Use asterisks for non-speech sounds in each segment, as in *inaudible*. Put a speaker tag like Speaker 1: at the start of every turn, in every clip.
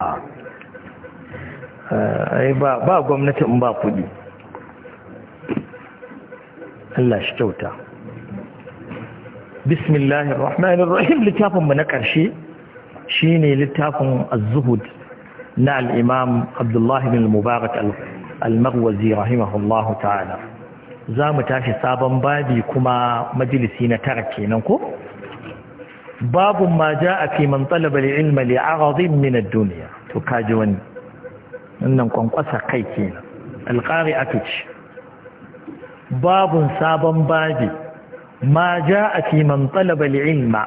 Speaker 1: Ah. Eh, ba gwamnati in ba kudi Allah shi kyauta bismillahir rahmanir rahim littafin mu na karshe shine littafin az-zuhud na al-imam Abdullahi bin al-Mubarak al-Maghwazi rahimahullahu ta'ala zamu tashi sabon babi kuma majalisi na tara kenan ko babu ma a fi man ilma li'aradin min ad to kaji wani wannan kwankwasa kai kenan al-qari'atu Babu sabon babi ma a fi man ilma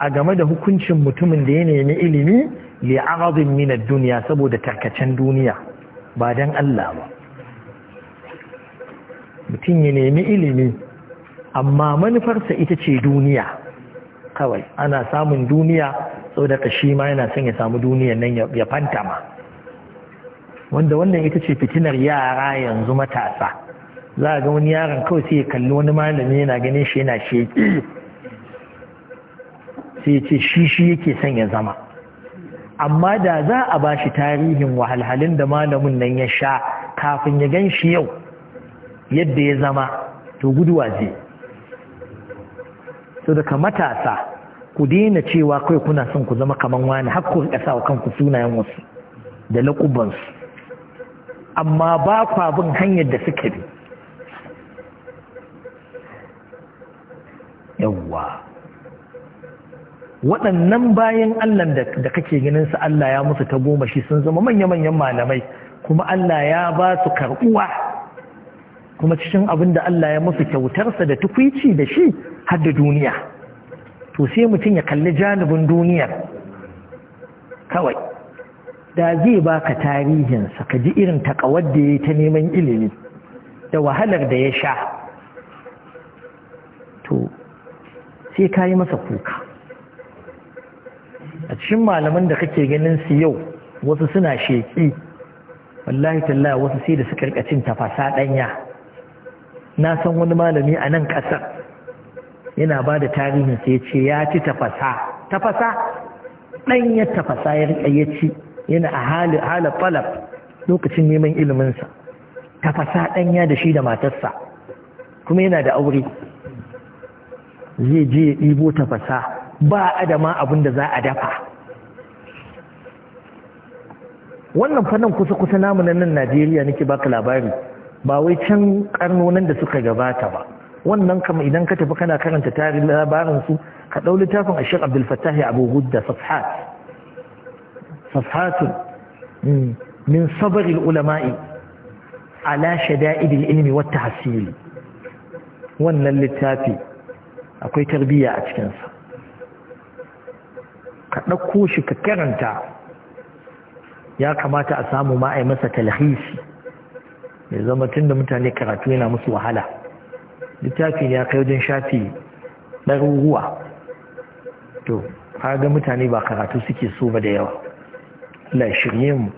Speaker 1: a game da hukuncin mutumin da ya nemi ilimi li'aradin min ad-dunya saboda tarkacen duniya ba dan Allah ba mutum ya nemi ilimi amma manufarsa ita ce duniya kawai ana samun duniya ka shi ma yana son ya samu duniya nan ya ma wanda wannan ita ce fitinar yara yanzu matasa za a ga wani yaron kawai sai ya kalli wani malami yana ganin shi yana sheƙi sai ya ce shi shi yake son ya zama amma da za a ba shi tarihin wahalhalin da malamin nan ya sha kafin ya gan shi yau yadda ya zama to guduwa zai so daga matasa ku daina cewa kai kuna son ku zama kamar wani har ku rika sawa kanku sunayen wasu da laƙubansu amma ba kwa bin hanyar da suka bi yawwa waɗannan bayan allah da kake ganin su allah ya musu ta goma shi sun zama manya-manyan malamai kuma allah ya ba su karɓuwa kuma cikin abin da Allah ya musu kyautarsa da tukwici da shi har da duniya to sai mutum ya kalli janibin duniyar kawai da zai baka tarihinsa ka ji irin takawar da ya yi ta neman ilimi da wahalar da ya sha to sai ka yi masa kuka a cikin malaman da kake ganin su yau wasu suna sheƙi wallahi talla wasu sai da suka rikacin tafasa ɗanya na san wani malami a nan ƙasar yana ba da tarihin sai ya ce ya ci tafasa tafasa ɗan ya tafasa ya riƙa ya ci yana a halin falaf lokacin neman iliminsa tafasa ɗanya da shi da matarsa kuma yana da aure zai je ya ɗibo tafasa ba adama abin da za a dafa wannan fannin kusa-kusa namu nan najeriya nake baka labari ba wai can karnonin da suka gabata ba wannan kama idan ka tafi kana karanta tarihin labarin su ka ɗau littafin a shek abdul fattahi abu gudda safhat safhatun hmm, min sabari ulama'i ala shada'id ilmi wa tahsili wannan littafi akwai tarbiyya a cikinsa ka ɗauko shi ka karanta ya kamata a samu ma'ai masa talhisi Mai zama tun da mutane karatu yana musu wahala littafi ne ya kai wajen shafi ɗaruruwa to ga mutane ba karatu suke so ba da yawa la shirye mu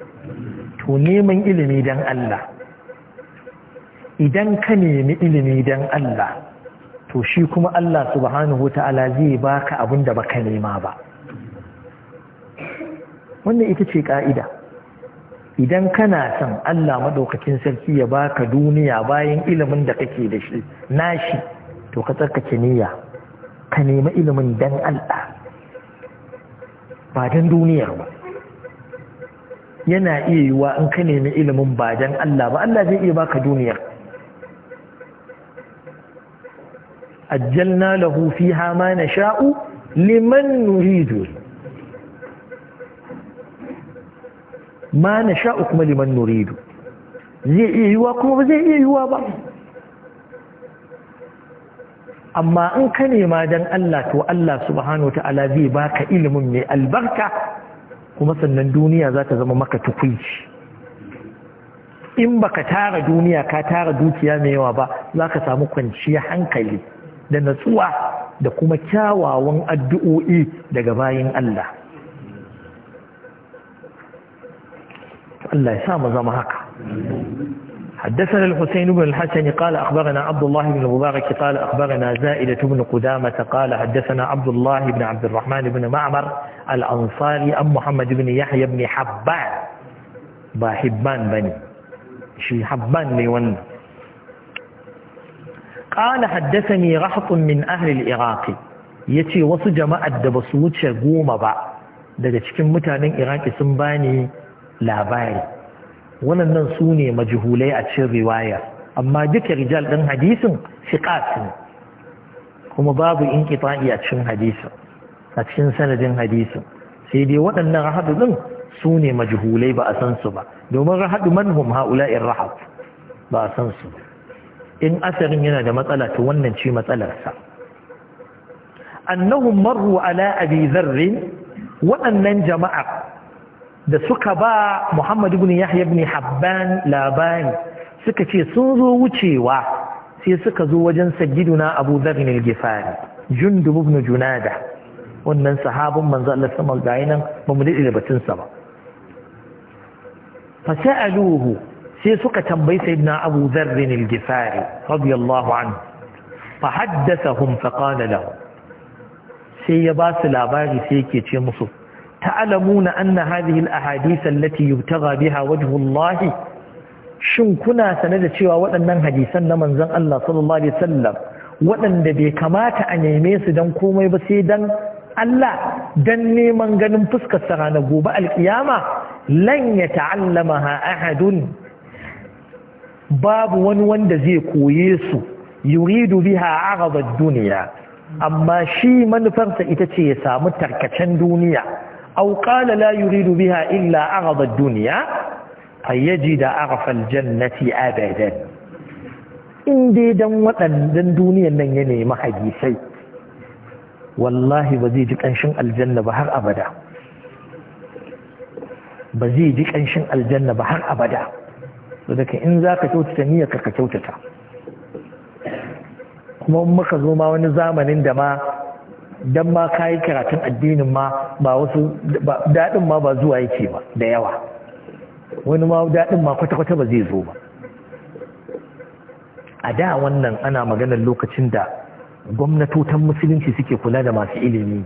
Speaker 1: to neman ilimi don Allah idan ka nemi ilimi don Allah to shi kuma Allah subhanahu ta'ala zai baka abin da baka nema ba wannan ita ce ka'ida idan kana son Allah maɗaukacin sarki ya baka duniya bayan ilimin da kake da shi nashi to ka tsarkake niyya ka nemi ilimin dan Allah ba dan duniyar ba yana iya yiwa in ka nemi ilimin ba dan Allah ba Allah zai iya baka duniyar ajjalna lahu fiha ma nasha'u liman nuridu ma na sha'u kuma liman nuridu zai iya yiwa kuma ba zai iya yiwa ba amma in ka nema don Allah to Allah subhanahu wa ta'ala zai baka ilimin mai albarka kuma sannan duniya za ta zama maka tukunci. in baka tara duniya ka tara dukiya mai yawa ba za ka samu kwanciyar hankali da natsuwa da kuma kyawawan addu'o'i daga bayin Allah الله يسامى زمهك حدثنا الحسين بن الحسن قال أخبرنا عبد الله بن المبارك قال أخبرنا زائدة بن قدامة قال حدثنا عبد الله بن عبد الرحمن بن معمر الأنصاري أم محمد بن يحيى بن حبان باحبان بني شي حبان ليون قال حدثني رحط من أهل العراق يتي وصل جماعة دبسوتش قوم با daga cikin متى iraki sun bani labari wannan su ne majihulai a cikin riwaya amma duka rijal ɗin hadisin fiqat ne kuma babu inqita'i a cikin hadisin a cikin sanadin hadisin sai dai waɗannan rahadu ɗin su ne majihulai ba a san su ba domin rahadu manhum in rahab ba a san su in asarin yana da matsala to wannan ci matsalarsa annahum marru ala abi waɗannan jama'a da suka ba Muhammad ibn Yahya ibn Habban labari suka ce sun zo wucewa sai suka zo wajen sayyiduna Abu Dharr al-Ghifari Jundub ibn Junada wannan sahabin manzo Allah sama ga nan ba mu dade da batun sa ba fa sa'aluhu sai suka tambayi sayyidina Abu Dharr al-Ghifari radiyallahu anhu fa haddathahum fa qala lahu sai ya ba su labari sai yake ce musu ta'alamu na anna hadihil ahadisan lati yubtagha biha wajhullahi shin kuna sane da cewa waɗannan hadisan na manzon Allah sallallahu waɗanda bai kamata a neme su dan komai ba sai dan Allah dan neman ganin fuskar sa ranar gobe alkiyama lan yata'allamaha ahadun babu wani wanda zai koye su yuridu biha aghdad duniya amma shi manufarsa ita ce ya samu tarkacen duniya aw qala la yuridu biha illa aghadha ad-dunya fayajida aghafa al-jannati abadan dai dan waɗannan duniyan nan ya nemi hadisai wallahi bazai ji kanshin aljanna ba har abada bazai ji kanshin aljanna ba har abada saboda in zaka kyautata niyyarka ka kyautata kuma in muka zo ma wani zamanin da ma dan ma kayi karatun addinin ma ba wasu daɗin ma ba zuwa yake ba da yawa wani ma daɗin ma kwata-kwata ba zai zo ba a da wannan ana maganar lokacin da gwamnatotan musulunci suke kula da masu ilimi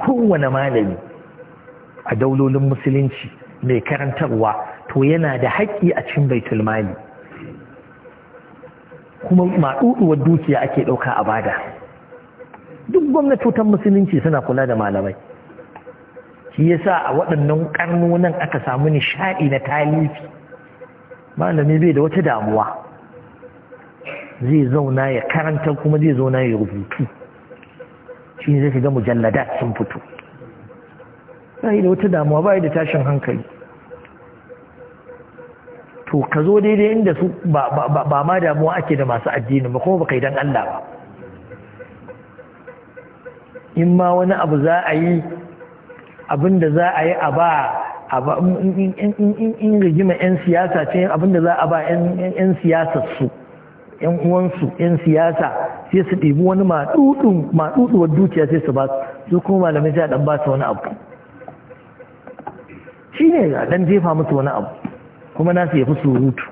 Speaker 1: kowane malami a daulolin musulunci mai karantarwa to yana da haƙƙi a cikin baitul mali kuma maɗuɗuwar dukiya ake ɗauka a bada duk gwamnatocin musulunci suna kula da malamai shi yasa a waɗannan ƙarnonan aka samu nishaɗi na talifi malami bai da wata damuwa zai zauna ya karanta kuma zai zauna ya rubutu shi ne zai shiga mujallada sun fito bai da wata damuwa ba da tashin hankali to ka zo daidai inda su ba ma damuwa ake da masu addini ba kuma ba yi don Allah ba in ma wani abu za a yi abinda za a yi a ba in rigima 'yan siyasa ce abinda za a ba 'yan siyasar su 'yan uwansu 'yan siyasa sai su ɗibi wani maɗuɗuwar dukiya sai su ba su kuma malamai sai a ɗan ba su wani abu shi ne a ɗan jefa musu wani abu kuma nasu ya fi surutu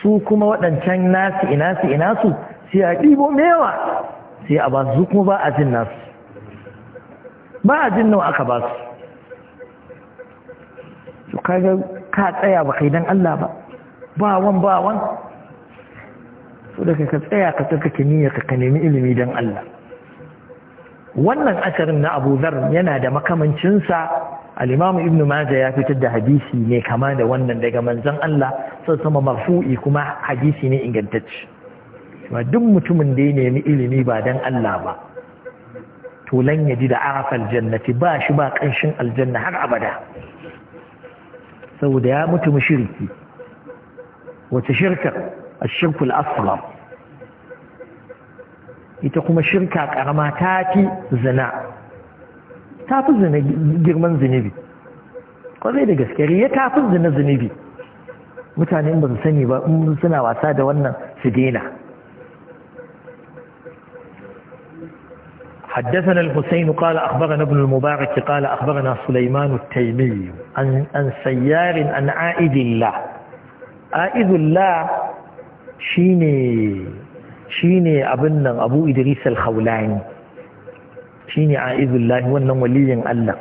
Speaker 1: su kuma waɗancan nasu ina su ina su sai a ɗibo mewa sai a ba su kuma ba a jin nasu ba a jin nawa aka basu su kaga ka tsaya ba kai dan Allah ba ba wan ba wan su daga ka tsaya ka tsarkake niyyar ka ka nemi ilimi dan Allah wannan asarin na Abu zar yana da makamancinsa al-Imam Ibn Majah ya fitar da hadisi ne kama da wannan daga manzon Allah sai sama marfu'i kuma hadisi ne ingantacce ba duk mutumin da ya nemi ilimi ba don Allah ba to ya ji da arafal jannati ba shi ba ƙanshin aljanna har abada saboda ya mutu wata wace a shirkul asghar ita kuma shirka ƙarama ta fi zina ta fi zina girman zunubi kwarai da gaskari ya ta fi zina zunubi mutane ba su sani ba suna wasa da wannan su daina حدثنا الحسين قال أخبرنا ابن المبارك قال أخبرنا سليمان التيمي عن, عن سيار عن عائد الله عائد الله شيني شيني أبن أبو إدريس الخولاني شيني عائد الله وانا ولي الله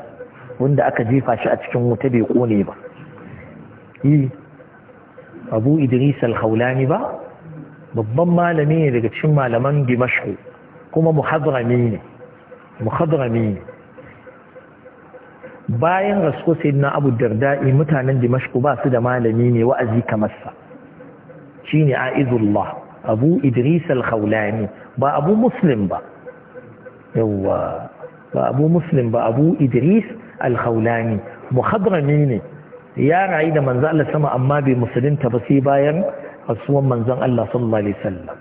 Speaker 1: وانا أكجيفا شأتكم متبقوني با إيه أبو إدريس الخولاني با babban malami ne daga cikin malaman dimashku kuma muhadrami ne mukhadrami bayan rasko na abu darda'i mutanen dimashku ba su da malami ne wa'azi kamar sa shine aizullah abu idris al-khawlani ba abu muslim ba yawa ba abu muslim ba abu idris al-khawlani ne ya rayu da manzo Allah sama amma bai musulunta ba sai bayan rasuwan manzon Allah sallallahu alaihi wasallam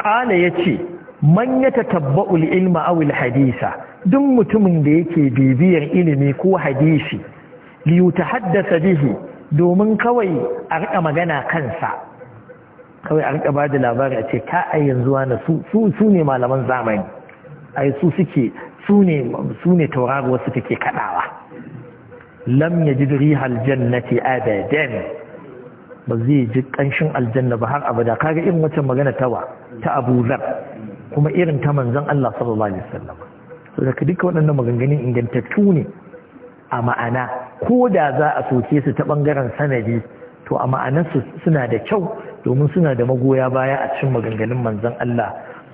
Speaker 1: qala yace man ya tatabba'ul ilma awil hadisa duk mutumin da yake bibiyar ilimi ko hadisi li haddasa bihi domin kawai a rika magana kansa kawai a rika da labari a ce ka a yanzu wani su ne malaman zamani ai su suke su ne su ne take kadawa lam yajid rihal jannati abadan ba zai ji kanshin aljanna ba har abada kaga irin wata magana tawa ta Abu Zar kuma irin ta manzon Allah sallallahu alaihi wasallam so da duka waɗannan maganganun ingantattu ne a ma'ana ko da za a soke su ta ɓangaren sanadi to a ma'anarsu suna da kyau domin suna da magoya baya a cikin maganganun manzon Allah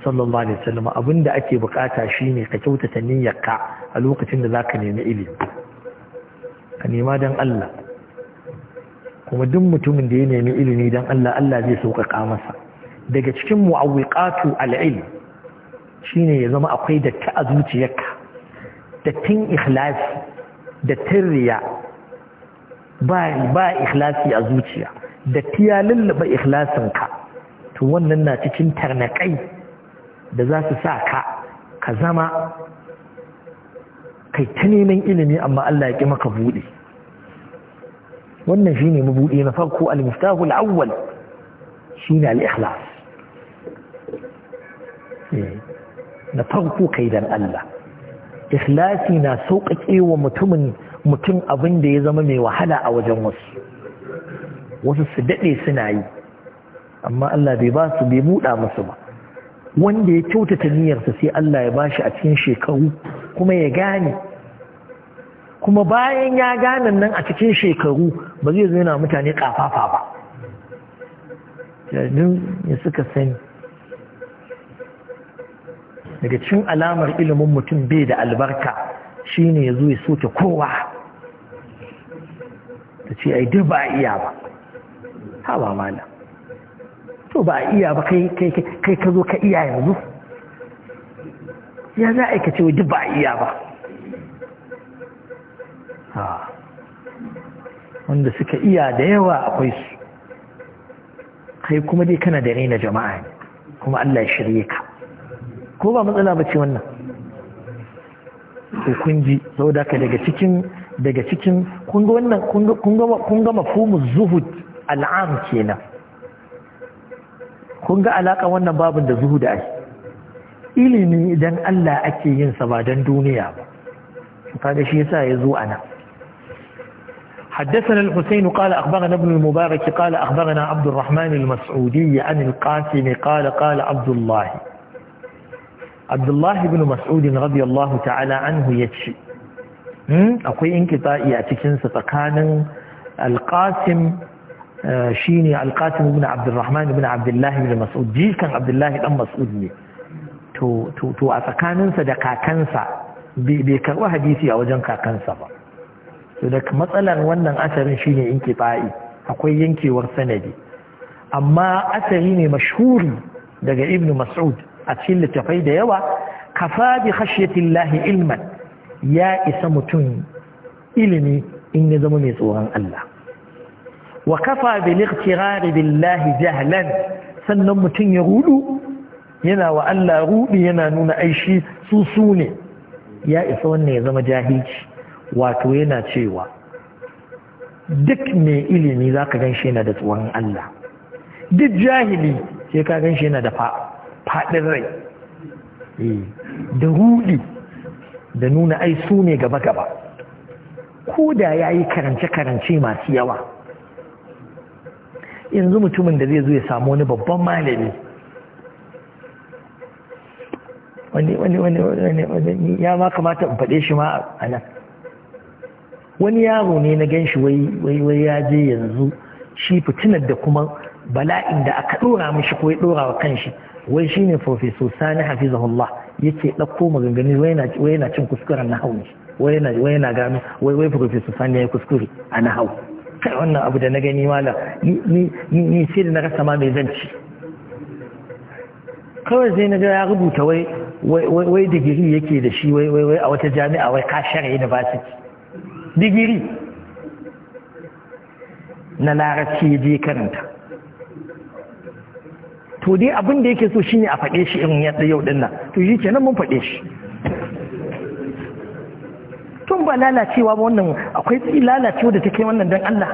Speaker 1: sallallahu alaihi wasallam abinda ake bukata ne ka kyautata niyyarka a lokacin da zaka nemi ilimi ka nema dan Allah kuma duk mutumin da ya nemi ilimi dan Allah Allah zai sauƙaƙa masa daga cikin mu'awwiqatu al-ilm shine ya zama akwai datti a zuciyarka dattin ikhlasi dattin riya ba iklasi ikhlasi a zuciya datti ya lullaba ikhlasinka to wannan na cikin tarnakai da za su sa ka ka zama kai ta neman ilimi amma Allah ya ƙi maka buɗe wannan shine mabuɗe na farko al-mustahul awwal shine al-ikhlas eh. na farko kai dan Allah ikhlasi na sauƙaƙe wa mutumin mutum abin da ya zama mai wahala a wajen wasu wasu su daɗe suna yi amma Allah bai ba su bai buɗa musu ba wanda ya kyautata niyyarsa sai Allah ya ba shi a cikin shekaru kuma ya gane kuma bayan ya gane nan a cikin shekaru ba zai zo yana mutane ƙafafa ba yanzu ya suka sani daga cin alamar ilimin mutum bai da albarka shine ya zo ya soke kowa ta ce ai duk ba a iya ba ha ba mala to ba a iya ba kai ka zo ka iya yanzu ya za a aikace duk ba a iya ba wanda suka iya da yawa akwai su kai kuma dai kana da raina jama'a ne kuma Allah ya shirye ka ko ba matsala ba ce wannan ko kun ji da ka daga cikin daga cikin kun ga wannan kun ga mafhumuz zuhud al'am kenan kun ga alaka wannan babin da zuhud ai ilimi idan Allah ake yin sa ba dan duniya ba kaga shi yasa yazo ana حدثنا الحسين قال أخبرنا ابن المبارك قال أخبرنا عبد الرحمن المسعودي عن القاسم قال قال عبد الله abdullahi bin mas'udin radiyallahu ta'ala anhu ya ce hmm, akwai inkita'i a sa tsakanin alƙasim eh, shine al alƙasim ibn abdurrahman ibn abdullahi ibn mas'ud jikan abdullahi dan mas'ud ne to a tsakaninsa da kakansa bai karba hadisi a wajen kakansa ba to da matsalar wannan asarin shi ne inkita'i akwai yankewar sanadi amma asari ne mashhuri daga ibn mas'ud a cikin littafai da yawa kafa bi lahi ilman ya isa mutum ilimi in ya zama mai tsoron Allah wa kafa bi liqtirari billahi jahlan sannan mutum ya rudu yana wa Allah rudi yana nuna aishi su su ne ya isa wannan ya zama jahilci wato yana cewa duk mai ilimi zaka ganshi yana da tsoron Allah duk jahili sai ka ganshi yana da fa'a haɗin rai eh. da ruɗi da nuna ai su ne gaba-gaba ko da ya yi karance-karance masu yawa yanzu mutumin da zai zo ya samu wani babban malami wani wani wani wani ya ma kamata in faɗe shi ma a nan wani yaro ne na gan shi wai ya je yanzu shi fitinar da kuma bala'in da aka ɗora mishi ko ya ɗora wa kanshi wai shine professor sani hafizahullah yake ɗauko maganganu wai yana cin kuskuren na hau ne wai yana gano wai wai professor sani ya kuskure a na hau kai wannan abu da na gani mala ni sai da na rasa ma mai zanci kawai zai na ga ya rubuta wai wai digiri yake da shi wai wai a wata jami'a wai kashar university digiri na larabci ya je karanta to dai abin da yake so shine a faɗe shi irin yadda yau din nan to shi kenan mun faɗe shi tun ba lalacewa ba wannan akwai tsi lalacewa da take wannan dan Allah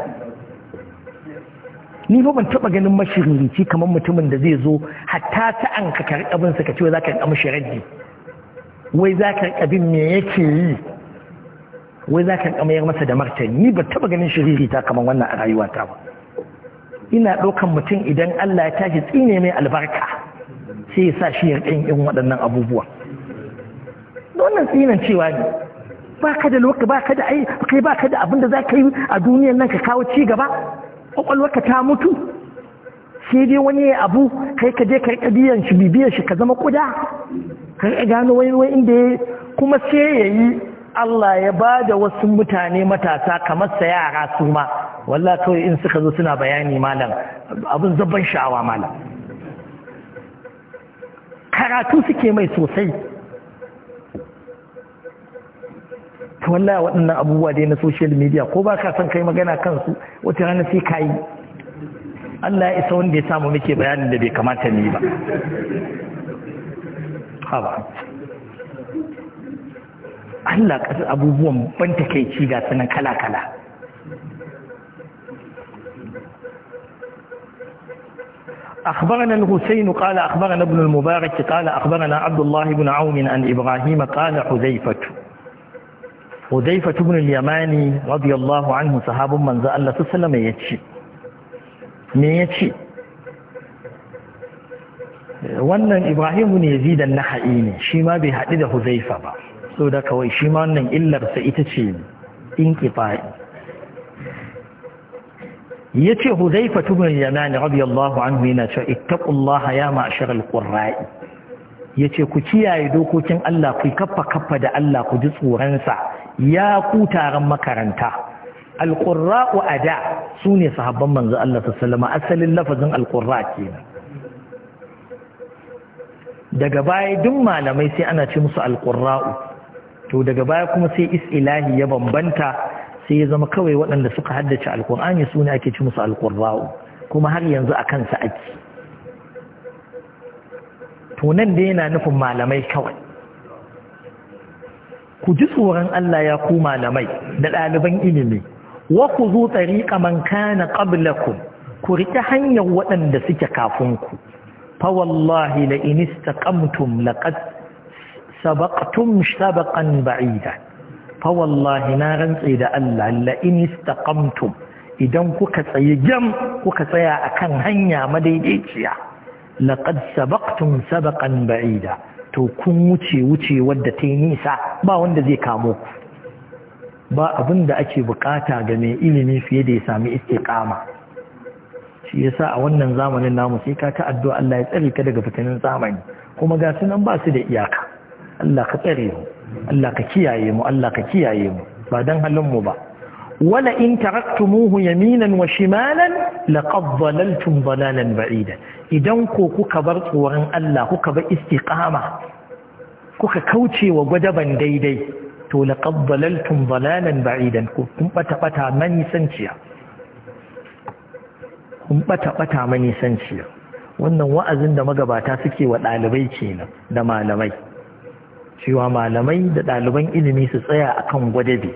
Speaker 1: ni fa ban taba ganin mashiririci kamar mutumin da zai zo hatta ta an ka karɓi abin sa ka ce za ka karɓi mishi raddi wai za ka karɓi bin me yake yi wai za ka karɓi mayar masa da martani ni ba taba ganin shiririta kamar wannan a rayuwata ba ina ɗaukan mutum idan Allah ya tashi tsine mai albarka sai ya sa shi ya riƙin irin waɗannan abubuwa wannan tsinan cewa ne ba ka da lokaci ba ka da ai kai ba ka da abin da za ka yi a duniyar nan ka kawo ci gaba kwakwalwarka ta mutu sai dai wani ya abu kai ka je ka riƙa biyan shi bibiyar shi ka zama ƙuda? ka riƙa gano wani wani inda ya kuma sai ya yi Allah ya ba da wasu mutane matasa kamar sa yara su ma walla kawai in suka zo suna bayani malam abin zabban sha'awa malam karatu suke mai sosai to walla waɗannan abubuwa dai na social media ko ba ka san kai magana kansu wata rana sai ka yi Allah ya isa wanda ya samu muke bayanin da bai kamata ni ba
Speaker 2: haba Allah abubuwan ban ci ga sanan kala-kala
Speaker 1: أخبرنا الحسين قال أخبرنا ابن المبارك قال أخبرنا عبد الله بن عون عن إبراهيم قال حذيفة حذيفة بن اليماني رضي الله عنه صحاب من زال الله سلم يتشي من يتشي wannan Ibrahim ne yazidan naha'i ne shi ma bai haɗu da huzaifa ba so da kawai shi ma wannan illarsa ita ce in kifa'i yace Hudhayfa ibn al-Yaman radiyallahu anhu yana cewa ittaqullaha ya ma'shar al-qurra'i yace ku kiyaye dokokin Allah ku kaffa kaffa da Allah ku ji tsoron sa ya ku taron makaranta al-qurra'u ada sune sahabban manzo Allah sallallahu alaihi asalin lafazin al-qurra kenan daga baya duk malamai sai ana ce musu al-qurra'u to daga baya kuma sai ilahi ya bambanta sai ya zama kawai waɗanda suka haddace alƙur'ani su ne ake ci musu alƙurra'u kuma har yanzu a kansa ake tunan da yana nufin malamai kawai ku ji tsoron Allah ya ku malamai da ɗaliban ilimi wa ku zo tsariƙa man kana ƙablakum ku riƙe hanyar waɗanda suke ku. fa wallahi la inista istaqamtum laqad sabaqtum sabaqan ba'ida fa wallahi na rantse da Allah la istaqamtum idan kuka tsaye jam kuka tsaya akan hanya madaidaiciya laqad sabaqtum sabaqan ba'ida to kun wuce wuce wadda ta yi nisa ba wanda zai kamo ku ba abin da ake bukata ga mai ilimi fiye da ya sami istiqama shi yasa a wannan zamanin namu sai ka ta addu'a Allah ya tsare ka daga fitinin zamani kuma ga sunan ba su da iyaka Allah ka tsare mu Allah ka kiyaye mu Allah ka kiyaye mu ba dan halin mu ba wala in taraktumuhu yaminan wa shimalan laqad dhalaltum dhalalan ba'ida idan ko kuka bar tsoron Allah kuka bar istiqama kuka kauce wa gwadaban daidai to laqad dhalaltum dhalalan ba'idan kun bata bata manisanciya kun bata bata manisanciya wannan wa'azin da magabata suke wa ɗalibai kenan da malamai cewa malamai da ɗaliban ilimi su tsaya a kan gwadabe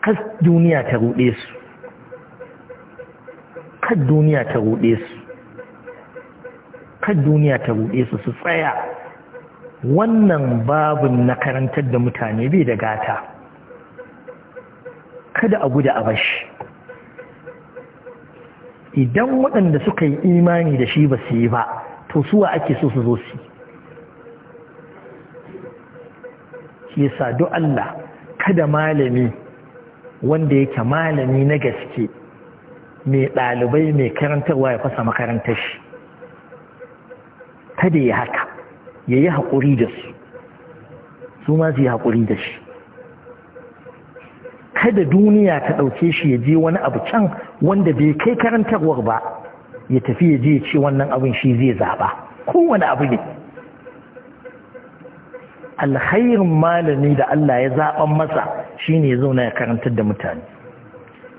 Speaker 1: kas duniya ta ruɗe su kan duniya ta ruɗe su kan duniya ta ruɗe su su tsaya wannan babin na karantar da mutane bai da gata kada a guda a bashi idan waɗanda suka yi imani da shi ba su yi ba to suwa ake so su zo su yi shi yasa Allah kada malami wanda yake malami na gaske mai ɗalibai mai karantarwa ya fasa makarantar shi kada ya haka ya yi haƙuri da su su ma su yi haƙuri da shi kada duniya ta ɗauke shi ya je wani abu can wanda bai kai karantarwar ba ya tafi ya je ya ce wannan abin shi zai zaɓa kowane abu ne alkhairin malami da Allah ya zaɓan masa shine ya zauna ya karantar da mutane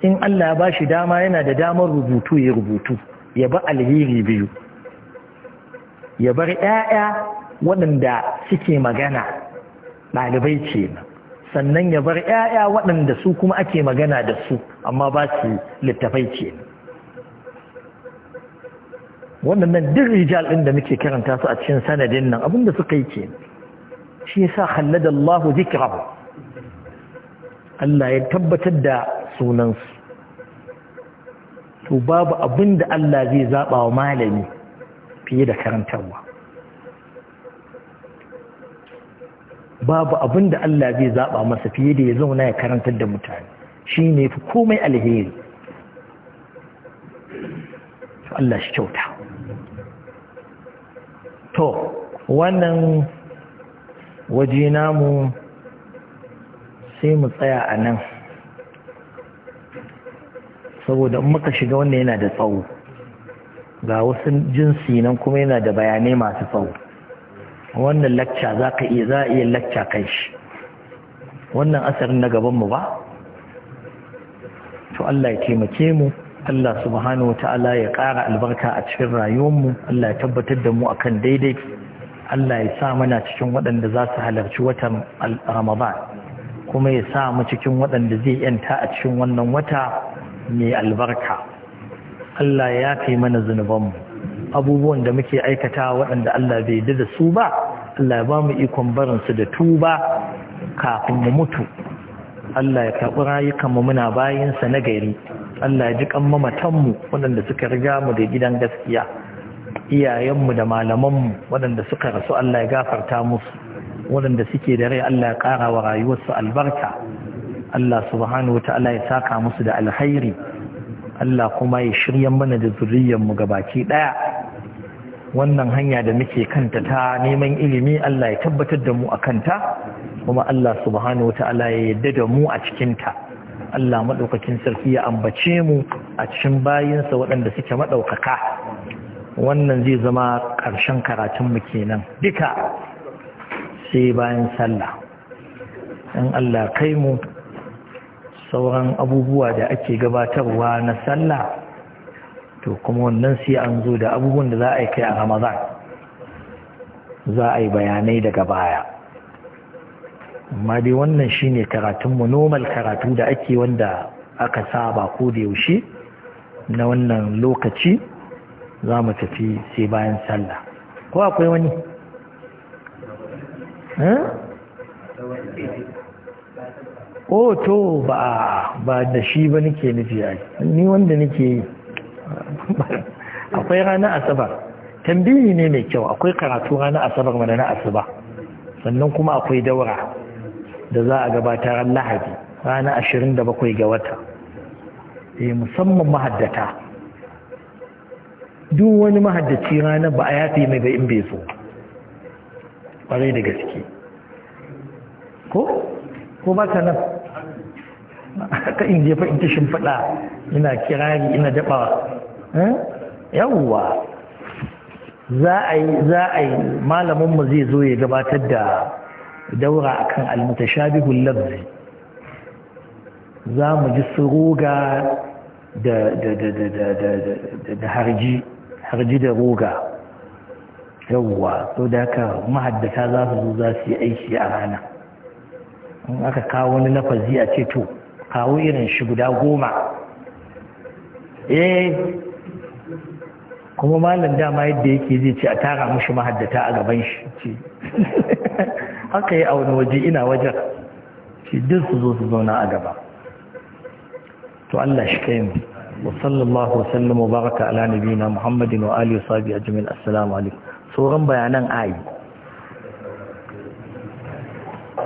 Speaker 1: in Allah ya ba shi dama yana da damar rubutu ya rubutu ya bar alheri biyu ya bar 'ya'ya waɗanda suke magana ɗalibai ce sannan ya bar 'ya'ya waɗanda su kuma ake magana da su amma ba su littafai ce waɗannan duk rijal ɗin da muke karanta su a cikin sanadin nan abinda suka yi kenan shi yasa khallada Allah zikirahu, Allah ya tabbatar da sunansu to babu abin da Allah zai zaɓa wa malami fiye da karantarwa babu abin da Allah zai zaba masa fiye da ya zauna ya karantar da mutane shi ne fi komai alheri Allah shi kyauta to wannan waje namu sai mu tsaya a nan saboda in muka shiga wanda yana da tsawo ga wasu jinsi nan kuma yana da bayanai masu tsawo wannan lacca za ka iya za a iya lacca kai shi wannan asarin na gabanmu ba to Allah ya taimake mu Allah subhanahu wa ta'ala ya ƙara albarka a cikin rayuwar mu Allah ya tabbatar da mu akan daidai Allah ya sa mana cikin waɗanda za su halarci watan Ramadan kuma ya sa mu cikin waɗanda zai yanta a cikin wannan wata mai albarka Allah ya fi mana zunubanmu abubuwan da muke aikata waɗanda Allah bai yi da su ba Allah ya ba mu ikon barinsu da tuba kafin mu mutu Allah ya karɓi rayukanmu muna bayansa na gari Allah ya ji kan mamatanmu waɗanda suka riga mu da gidan gaskiya iyayenmu da malamanmu waɗanda suka rasu Allah ya gafarta musu waɗanda suke da rai Allah ya ƙara wa rayuwarsu albarka Allah subhanahu ta'ala ya saka musu da alhairi Allah kuma ya shirya mana da zuriyarmu baki ɗaya wannan hanya da muke kanta ta neman ilimi Allah ya tabbatar da mu a kanta kuma Allah subhanahu ta'ala ya yadda da mu a cikinta Allah maɗaukakin sarki ya ambace mu a cikin bayinsa waɗanda suke maɗaukaka wannan zai zama ƙarshen karatunmu kenan duka sai bayan sallah in Allah kai mu sauran abubuwa da ake gabatarwa na sallah to kuma wannan sai an zo da abubuwan da za a yi kai a ramadan za a yi bayanai daga baya amma dai wannan shine karatunmu normal karatu da ake wanda aka saba ko da yaushe na wannan lokaci za mu tafi sai bayan sallah ko akwai wani eh? o to ba ba da shi ba nake nufi ai ni wanda nake akwai ranar asabar tambayi ne mai kyau akwai karatu rana asabar mana na asuba sannan kuma akwai daura da za a gabatar lahadi rana 27 ga wata eh, musamman mahaddata duk wani mahaddaci ranar ba a fi mai bai in bai so ƙwarai da gaske ko ko ba ka nan haka in jefa in ta shimfiɗa ina kirari ina daɓa eh? yawwa za a yi za a yi malaminmu zai zo ya gabatar da daura akan almutashabihul lafzi za mu ji suruga da da da da da da da harji harji da roga yawwa to da haka mahaddata za su zo za su yi aiki a rana in aka kawo wani lafazi a ce to kawo irin shi guda goma eh kuma malam dama yadda yake zai ce a tara mushi mahaddata a gaban shi ce *laughs* haka yi a wani waje ina wajen shi duk su zo su zauna a gaba to Allah shi kai mu وصلى الله وسلم وبارك على نبينا محمد وآله وصحبه أجمعين السلام عليكم sauran bayanan ayi